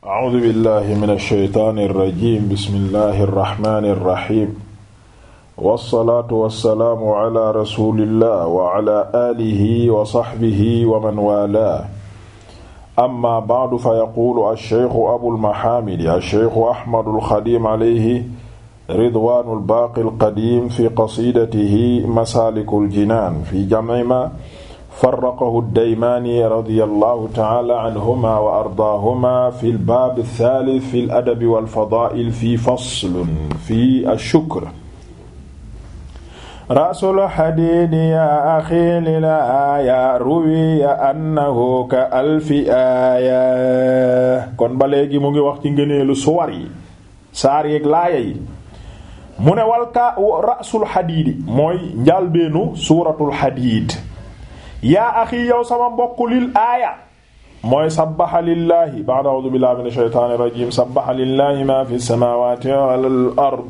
A'uuzu billaahi mina shaytaani rajiim bismillaahi rahmaani rahiim. Wassalaatu wassalaamu alaa rasuulillaah wa alaa aalihi wa sahbihi wa man waalaahu. Ammaa ba'du fa yaquulu ash-shaykhu abul mahaamidi ash-shaykhu Ahmadul Xadiim alayhi ridwaanul baaqil qadiim fi qasiidatihi masaalikul jinaan fi jam'i maa farraqahu ad-Daymaani radiyallahu ta'ala anhuma wa ardaahuma fi al-baab ath-thaalith fi al-adab wal-fadaa'il fi faslun fi ash-shukr raasul xadiid yaa axi lil aaya ruwiya annahu ka alfi aaya kon ba léegi mu ngi wax ci ngëneelu suwar yi saar yeeg laaya yi mu ne wal ka raasul xadiidi mooy njàlbeenu suuratul xadiid yaa axi yow sama mbokk lil aaya mooy sabbaha lillahi ba'da a'uudu billahi minash shaytaanir rajiim sabbaha lillahi maa fi samaawaati wal ard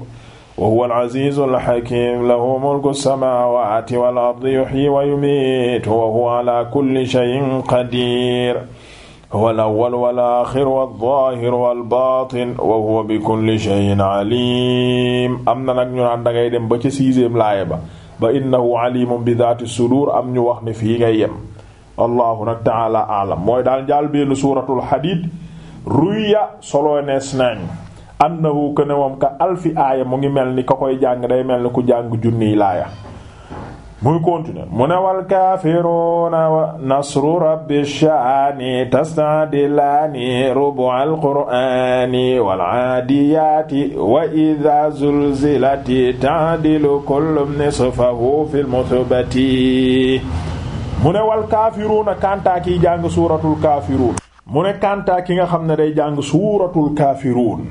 wa huwa al-'aziizul hakiim lahu mulku samaawaati wal ardi yuhyi wa yumiitu wa huwa 'alaa kulli shay'in qadiir huwa al-awwal wal-aaxir waz-zaahir wal-baatin wa huwa bi kulli shay'in 'aliim am na nag ñu naan dangay dem ba ci sixième laaya ba ba innahu alimun bi daati sudur am ñu wax ne fii ngay yem allahu nag taala alam mooy daal njaal benn suuratul xadiid ruya solo nees na annahu këne moom ka alfi aaya mu ngi mel ni ka koy jàng day mel ni ku jàng junniy laaya muy continuer mu ne wal kaafiruuna wa nasru rabbi shaani tastadilaani rubu alqur'ani wal aadiyaati wa idha zulzilati taadilu kullu nisfahu fil muthbati mu ne wal kaafiruuna kantaa kiy jàng suuratul kaafiruun mu ne kantaa ki nga xam ne day jàng suuratul kaafiruun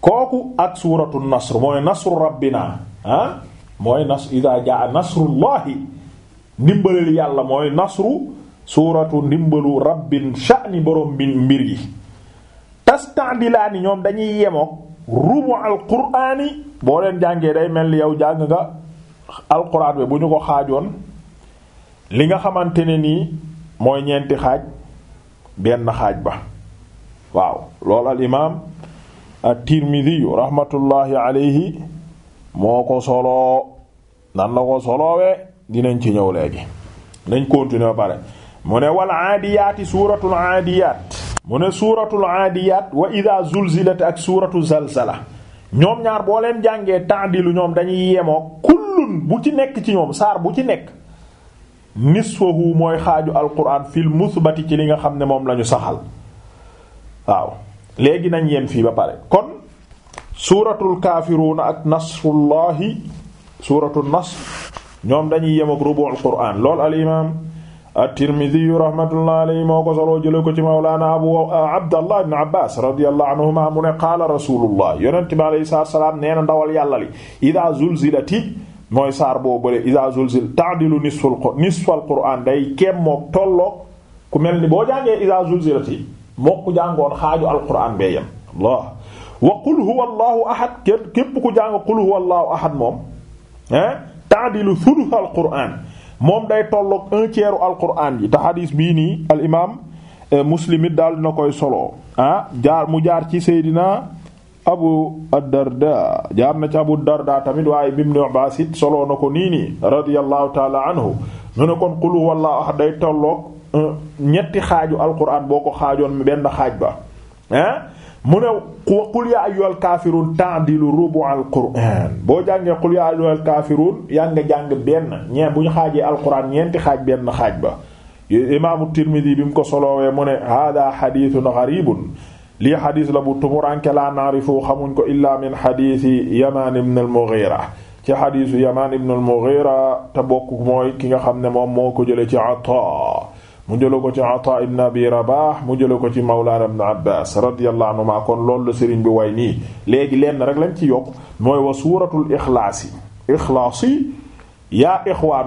kooku ak suuratul nasr mooy nasru rabbina ah mooy nas idaa jaa nasrullahi ndimbalal yàlla mooy nasru suuratu ndimbalu rabbin sha'ni borom bi mbir yi tasta'dilaani ñoom dañuy yemook rubu alquraani boo leen jàngee day mel ni yow jàng nga alquraan bi bu ñu ko xaajoon li nga xamante ne nii mooy ñeenti xaaj benn xaaj ba waaw loolu al imaam at-Tirmidhi rahmatullahi alayhi moo ko soloo nan la ko solowee dinañ ci ñëw léegi nañ continuer pare mu ne wal aadiyaati suuratul aadiyaat mu ne suuratul aadiyaat wa idaa zulzilat ak suuratu zalzala ñoom ñaar boo leen jàngee ta'dilu ñoom dañuy yemoo kullun bu ci nekk ci ñoom saar bu ci nekk nisfahu mooy xaaju alquran fil musbati ci li nga xam ne moom lañu saxal waaw léegi nañ yem fii ba pare kon suuratul kaafiruuna ak nasrullahi suuratul nasr ñoom dañuy yem ak rubu'ul qur'aan lool al imaam at-Tirmidhi ko ci mawlaana abu ah, abdallah ibn abbas radiyallahu anhuma mu ne qaala rasulullah idaa zulzilati mooy saar boo bële idaa zulzil ta'dilu nisful nisfal qur'aan day keem mook tolloog ku mel ni boo jàngee idaa zulzilati mook ku jàngoon alqur'aan bee wa qul huwa allahu ahad képp ko jàng qul huwa allahu ahad moom ah ta'dilu thuluth al qur'an moom day tolloog un tiers al qur'an ji te xadiis bii nii al imaam eh, muslim daal na koy solo ah jaar mu jaar ci seydina abu ad-darda jaar na ci abu darda tamit waaye ibn abbas it solo na ko nii nii radiyallahu taala anhu ñu ne kon qul huwa allahu ahad day tolloog eh, ñetti xaaju al qur'an boo ko xaajoon benn xaaj ba mu ne qul yaa ayyuhal kaafiruun ta'dilu rubu'al qur'aan boo jàngee qul yaa ayyuhal kaafiruun yaa nga jàng benn ñee bu ñu xaajee alquraan ñeenti xaaj benn xaaj ba imaamu tirmidi bi mu ko soloowee mu ne hada xadiisun gariibun lii xadiis la bu tumuranke laa naarifu xamuñ ko illaa min xadiisi yamaan ibn al-Mughira ci xadiisu yamaan ibn al-Mughira te bokk mooy ki nga xam ne moom moo ko jële ci Ataa mu jëla ko ci Ataa ibn Abi Rabah mu jëla ko ci Mawlana ibn Abbas radiyallahu anhuma kon loolu la sëriñ bi way nii léegi lenn rek lañ ci yokk mooy wa suuratul ixlaas yi ixlaas yi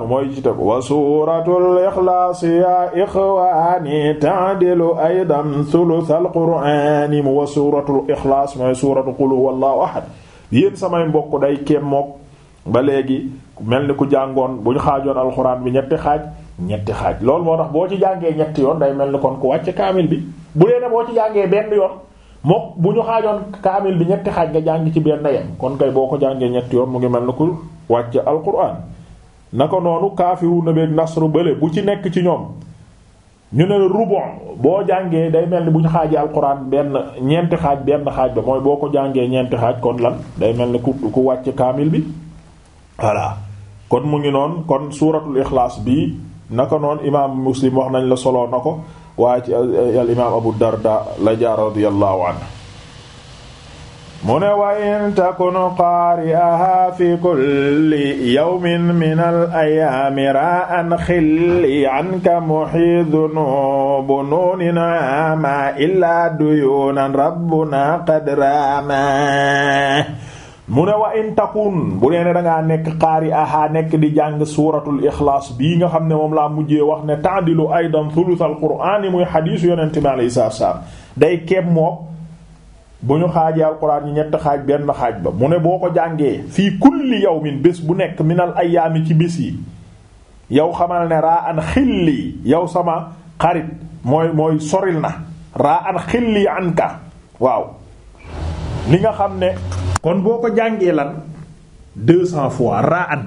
mooy ci ko wa suuratul ixlaas yaa ixwaani ta'dilu aydan sulusal qur'aani mu wa suuratul ixlaas mooy suuratu qul huwallahu ahad yéen samay mbokk day kéem mook ba léegi mel ni ku jàngoon bu xaajoon alxuraan bi ñetti xaaj ñetti xaaj lool moo tax boo ci jàngee ñetti yoon day mel ni kon ku wàcc kaamil bi bu dee boo ci jàngee benn yoon moo bu ñu xaajoon kaamil bi ñetti xaaj nga jàng ci benn yem kon kay boo ko jàngee ñetti yoon mu ngi mel ni ku wàcc alquran na noonu kaafiru na beeg nasru bële bu ci nekk ci ñoom ñu ne rubon boo jàngee day mel ni bu ñu xaajee alquran benn ñeenti xaaj benn xaaj ba mooy boo ko jàngee ñeenti xaaj kon lan day mel ni ku ku wàcc kaamil bi voilà kon mu ngi noon kon suuratul ixlaas bi naka noonu imaam muslim wax nañ la solo na ko waaye ci al imaam abu darda la jaar radiyallahu anhu mu ne wa in takunu qaari'aha fi kulli yawmin min al ayaami ra'an xilli anka muhidun bunuunin ama illa duyunan rabbuna qad rama mu ne wa in bu dee ne dangaa nekk xaari aha nekk di jàng suuratul ixlaas bii nga xam ne moom laa mujjee wax ne ta'dilu aydan thuluthal qur'aan yi muy xadiisu yonente bi alayhi salaatu salaam day keeb mook ñu xaajee alquraan yi ñett xaaj benn xaaj ba mu boo ko jàngee fii kulli yawmin bés bu nekk minal ayaami ci bés yi yow yow sama xarit mooy mooy soril na raa an xilli anka waaw li nga xam ne kon boo ko jàngee lan deux cent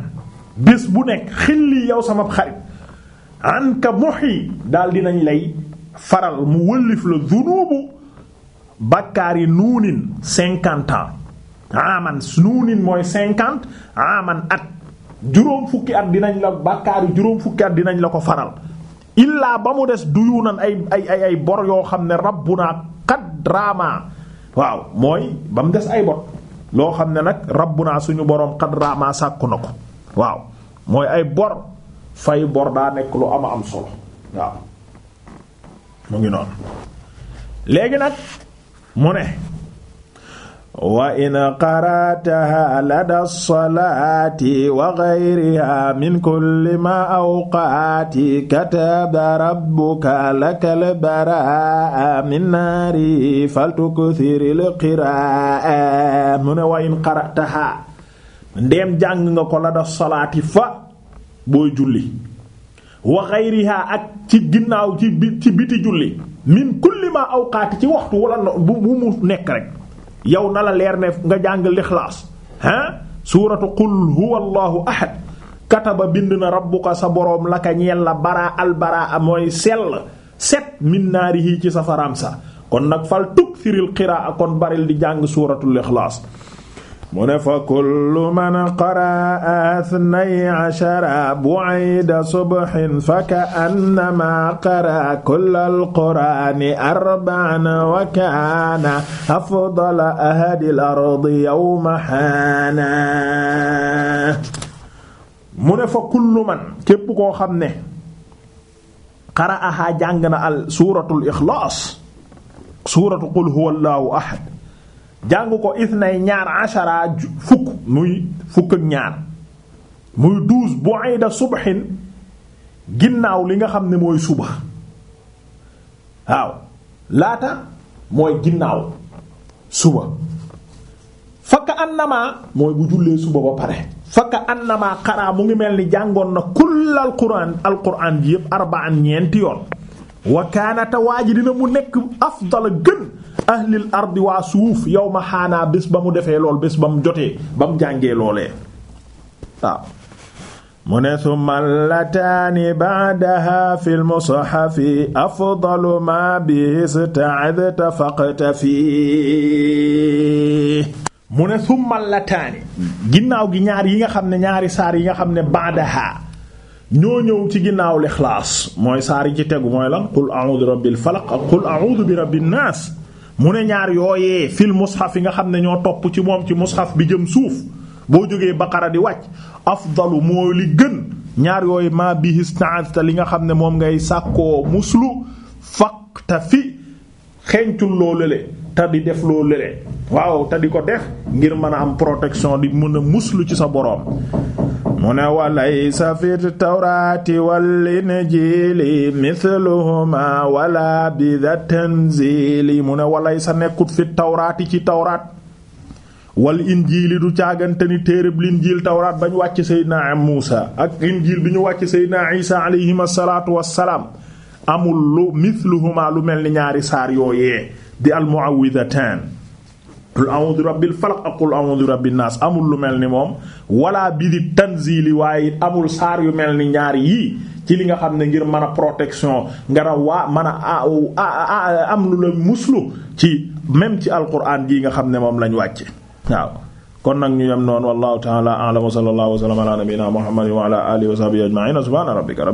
bis bu nekk xilli yow sama xarit anka muhi daal dinañ lay faral mu wëllif la zunubu bakkaar yi nuunin cinquante aman nuunin mooy cinquante aman at juróom fukki at dinañ la bakkaar yi juróom fukki at dinañ la ko faral illaa ba mu des duyunan ay ay ay bor yoo xam ne rabbuna qad rama waaw mooy ba mu des ay bor loo xam ne nag rabbunaa suñu boroom xad raamaa sàkku na ko waaw mooy ay bor fay bor daa nekk lu ama am solo waaw mu ngi noonu léegi nag mu ne wa in qara'taha lada salaati wa ghayriha min kulli ma awqaati kataba rabbuka lakal baraa min naari faltukthiril qiraa mu ne wa in qara'taha ndeem jàng nga ko lada salaati fa booy julli wa ghayriha ak ci ginnaaw ci biti julli min kulli ma awqaati ci waxtu wala bu mu nekk rek yow na la leer ne nga jàng lixlaas ah suuratu qul huwa allahu ahad kataba bind na rabbuka sa boroom la ka ñeel la baraa albaraa mooy sell set min naarihi ci safaraam sa kon nag fal tukthiril qiraa kon baril di jàng suuratu ixlaas mu ne fa kullu man qaraa athnay ashara bu'ayda subhin fa ka'annama qaraa kulla al-qur'aani arba'an wa kaana afdala ahli al-ardi yawma haana mu ne fa kullu man képp koo xam ne qara'ahaa jàng na al suuratul ikhlaas suuratu qul huwallaahu ahad jàng ko isnay ñaar ashara fukk muy fukk ñaar muy douze bu ayda subhin ginnaaw li nga xam ne mooy suba waaw laata mooy ginnaaw suba fakka annamaa mooy bu jullee suba ba pare fakka annamaa xaraa mu ngi mel ni jàngoon na kull al quraan al quraan ji yépp arba'an ñeenti yoon wa kaanata waa ji dina mu nekk afdala gën ahlil suuf yow ma xaanaa bés ba mu defee lool bés ba mu jotee ba mu jàngee loolee waaw mu ne summa lataani ba'daha ginnaaw gi ñaar yi nga xam ne ñaari saar yi nga xam ne ba'daha ñoo ñëw ci ginnaaw lixlaas mooy saar yi ci tegu mooy lan qul a'udhu bi rabbil falaq ak qul a'udhu bi rabbin nas mu ne ñaar yooyee fil mushaf yi nga xam ne ñoo topp ci moom ci mushaf bi jëm suuf boo jógee baqara di wàcc afdalu moo li gën ñaar yooyu ma bihi te li nga xam ne moom ngay sàkkoo muslu fakta fi xeeñcul loo lële te di def loo lële waaw te di ko def ngir mën a am protection di mën a muslu ci sa borom mu ne walaysa fi tawraati wal injiili mithluhuma wala bi da tanzili mu ne walaysa nekkut fi tawraati ci tawraat wal injiili du caagante ni téereb linjiil tawraat ba ñu wàcc seydinaa muusa ak injiil bi ñu wàcc seydinaa isa alayhima salaatu wassalaam amul lu mithluhuma lu mel ni ñaari saar yooyee di al qul a'udhu rabbil falaq ak qul a'udhu rabbin amul lu mel ni moom wala bi di tanzili waaye amul saar yu mel ni ñaar yii ci li nga xam ne ngir mën a protection nga a waa mën a am lu la muslu ci même ci alquran gii nga xam ne moom lañ wàcce waaw kon nag ñu yem noonu wallahu ta'ala a'lam wa sallallahu wa sallama wa ala alihi wa sahbihi ajma'in subhana rabbika